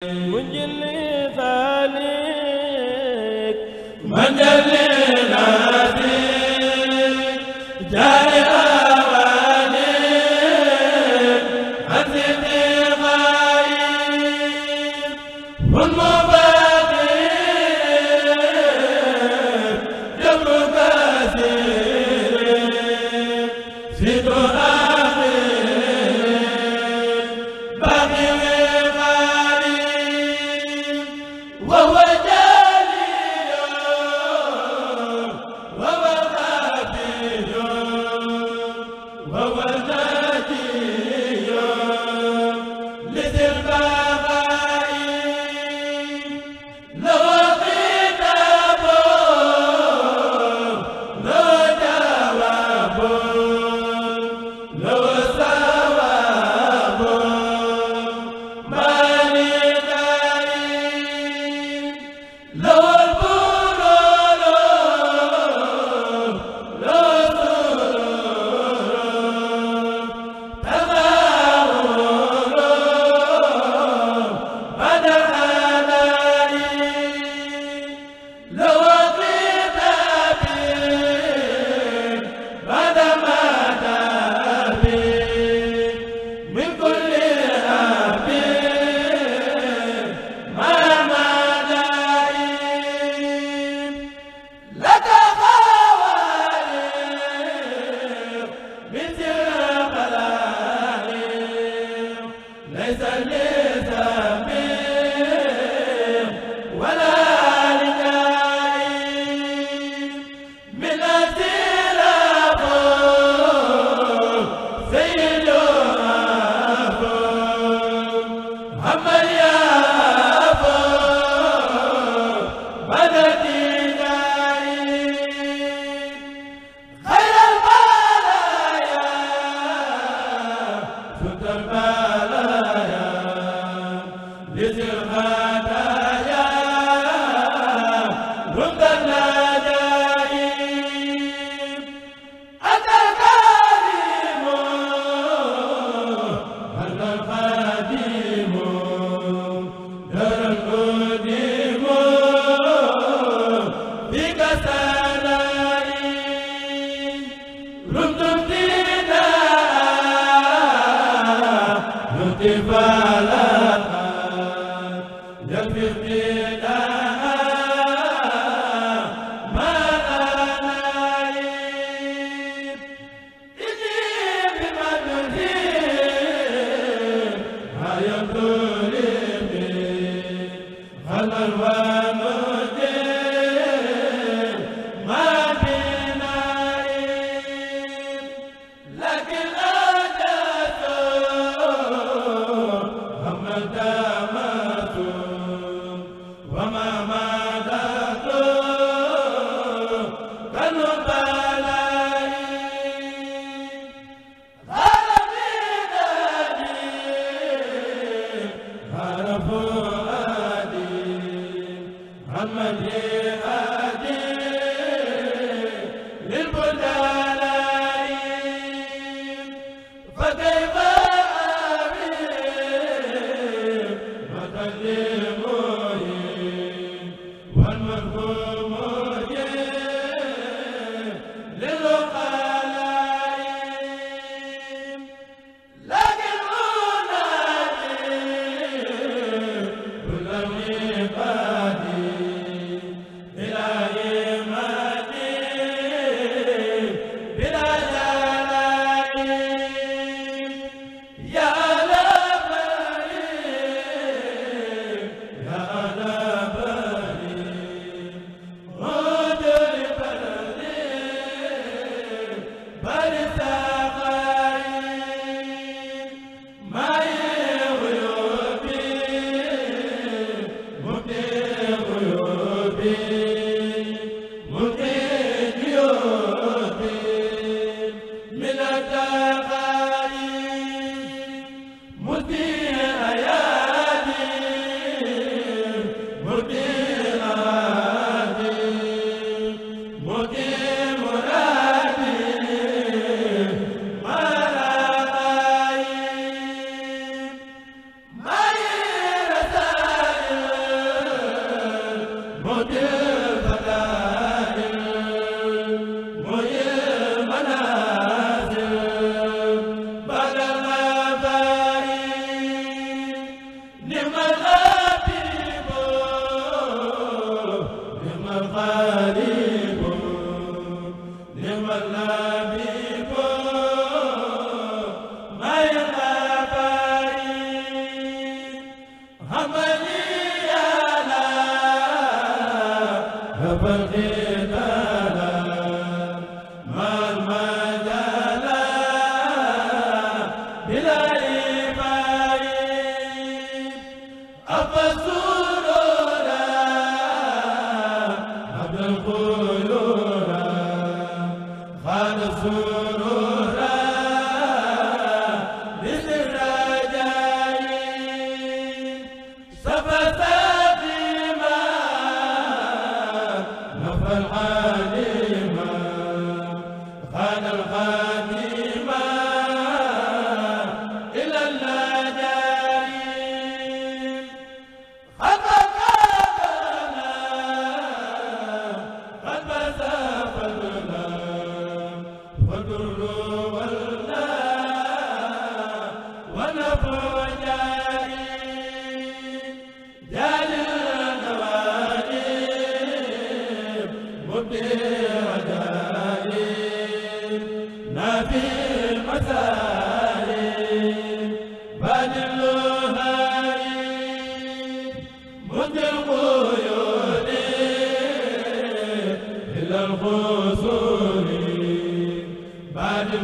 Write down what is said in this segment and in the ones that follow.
mu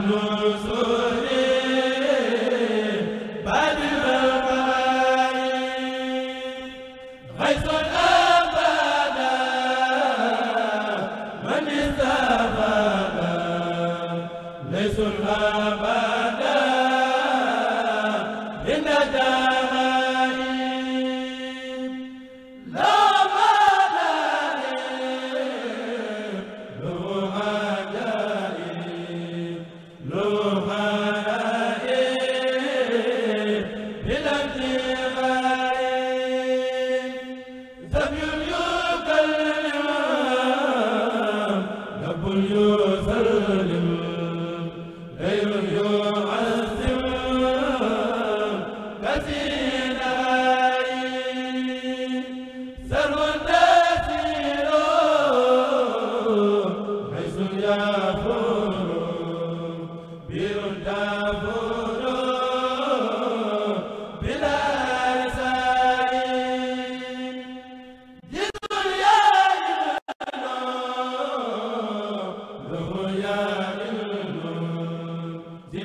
nu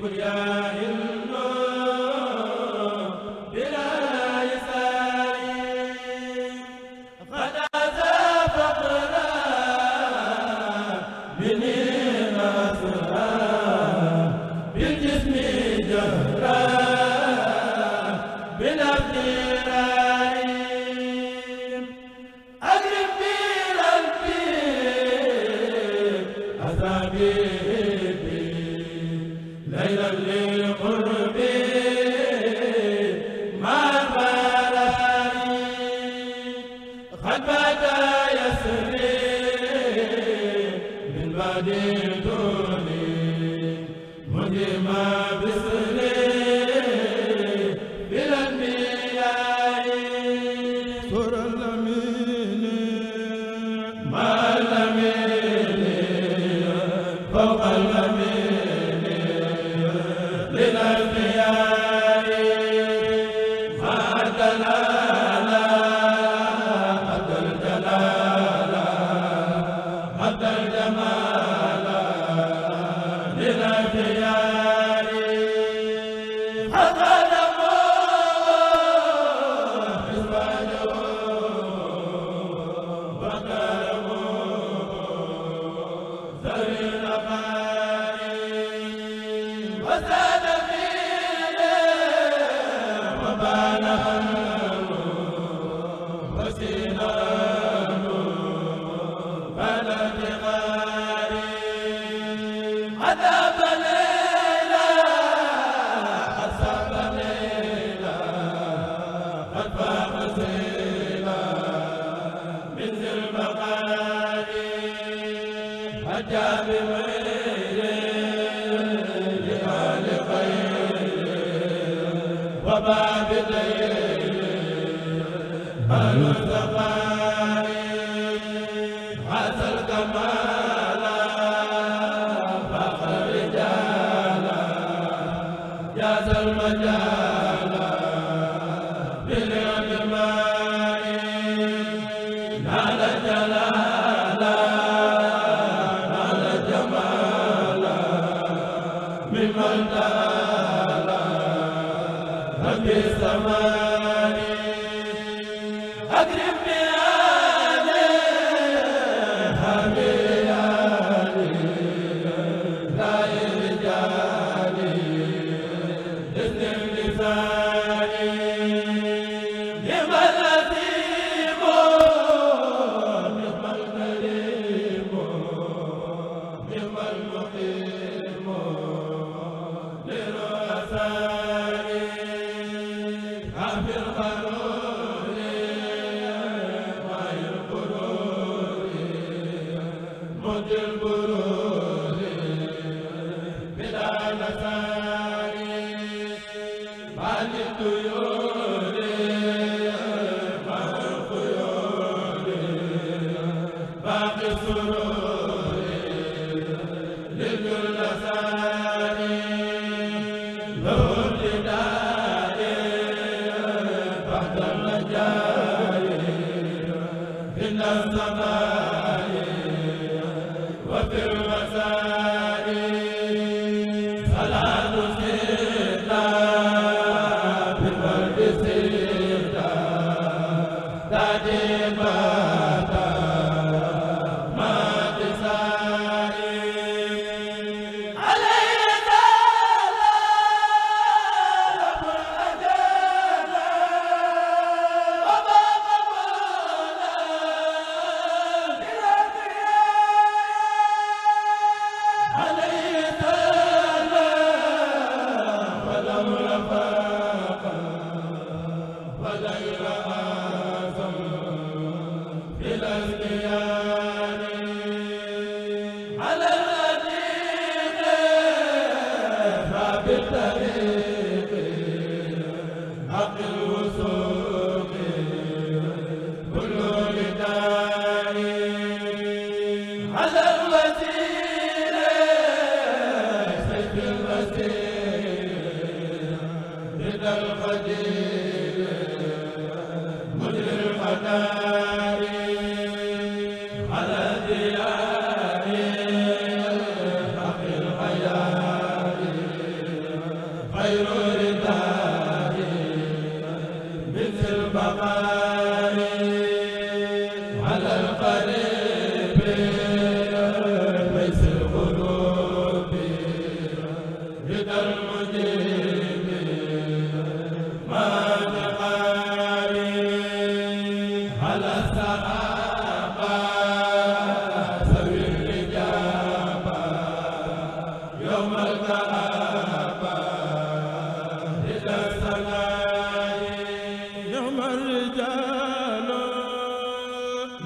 ya حتى يسري من بعد jaabi man la xayra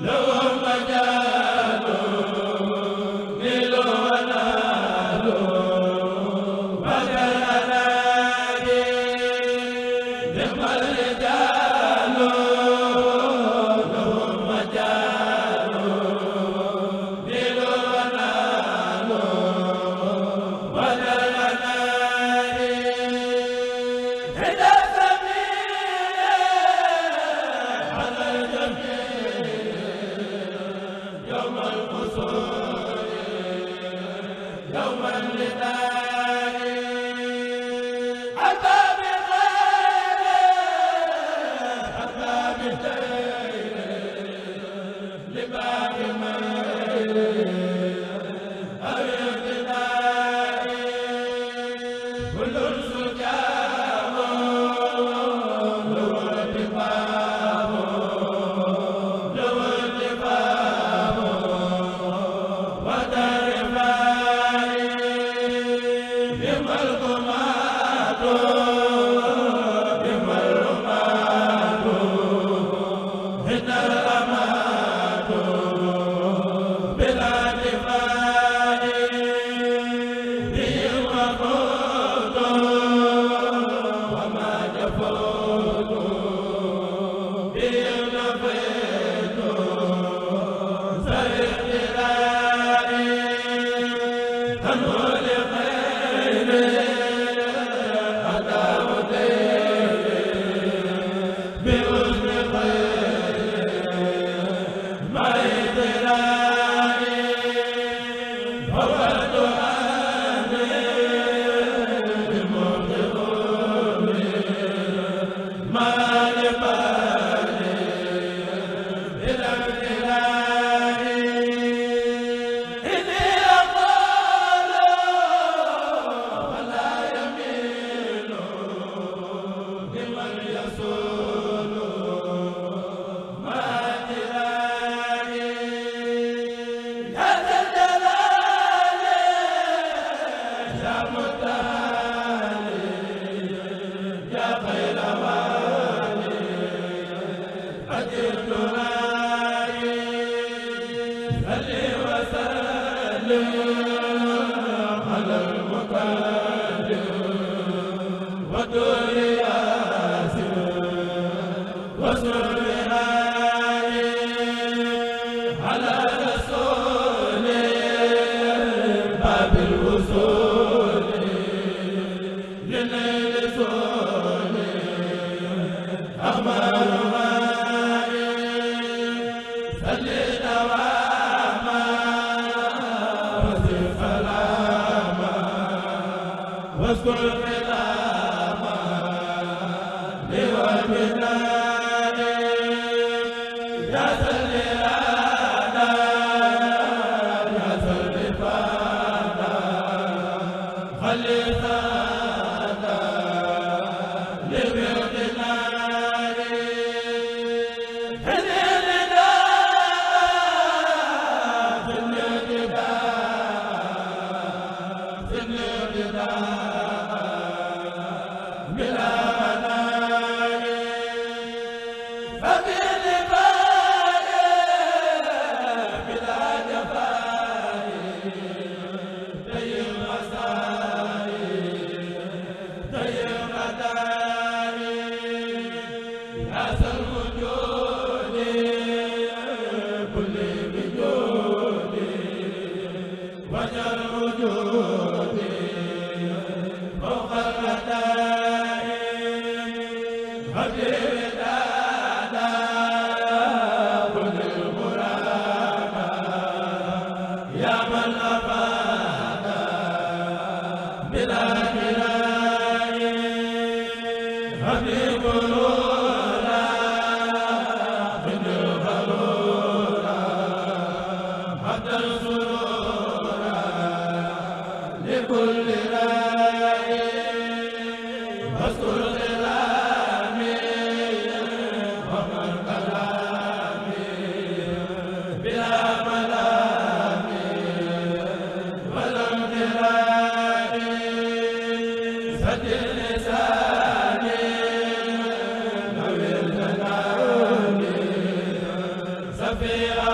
la wa bi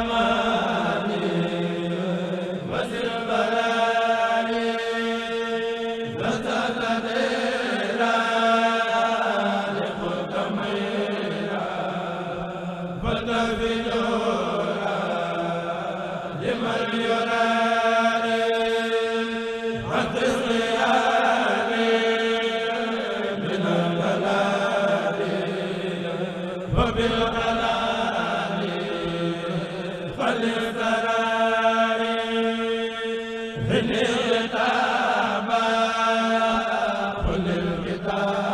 ma ba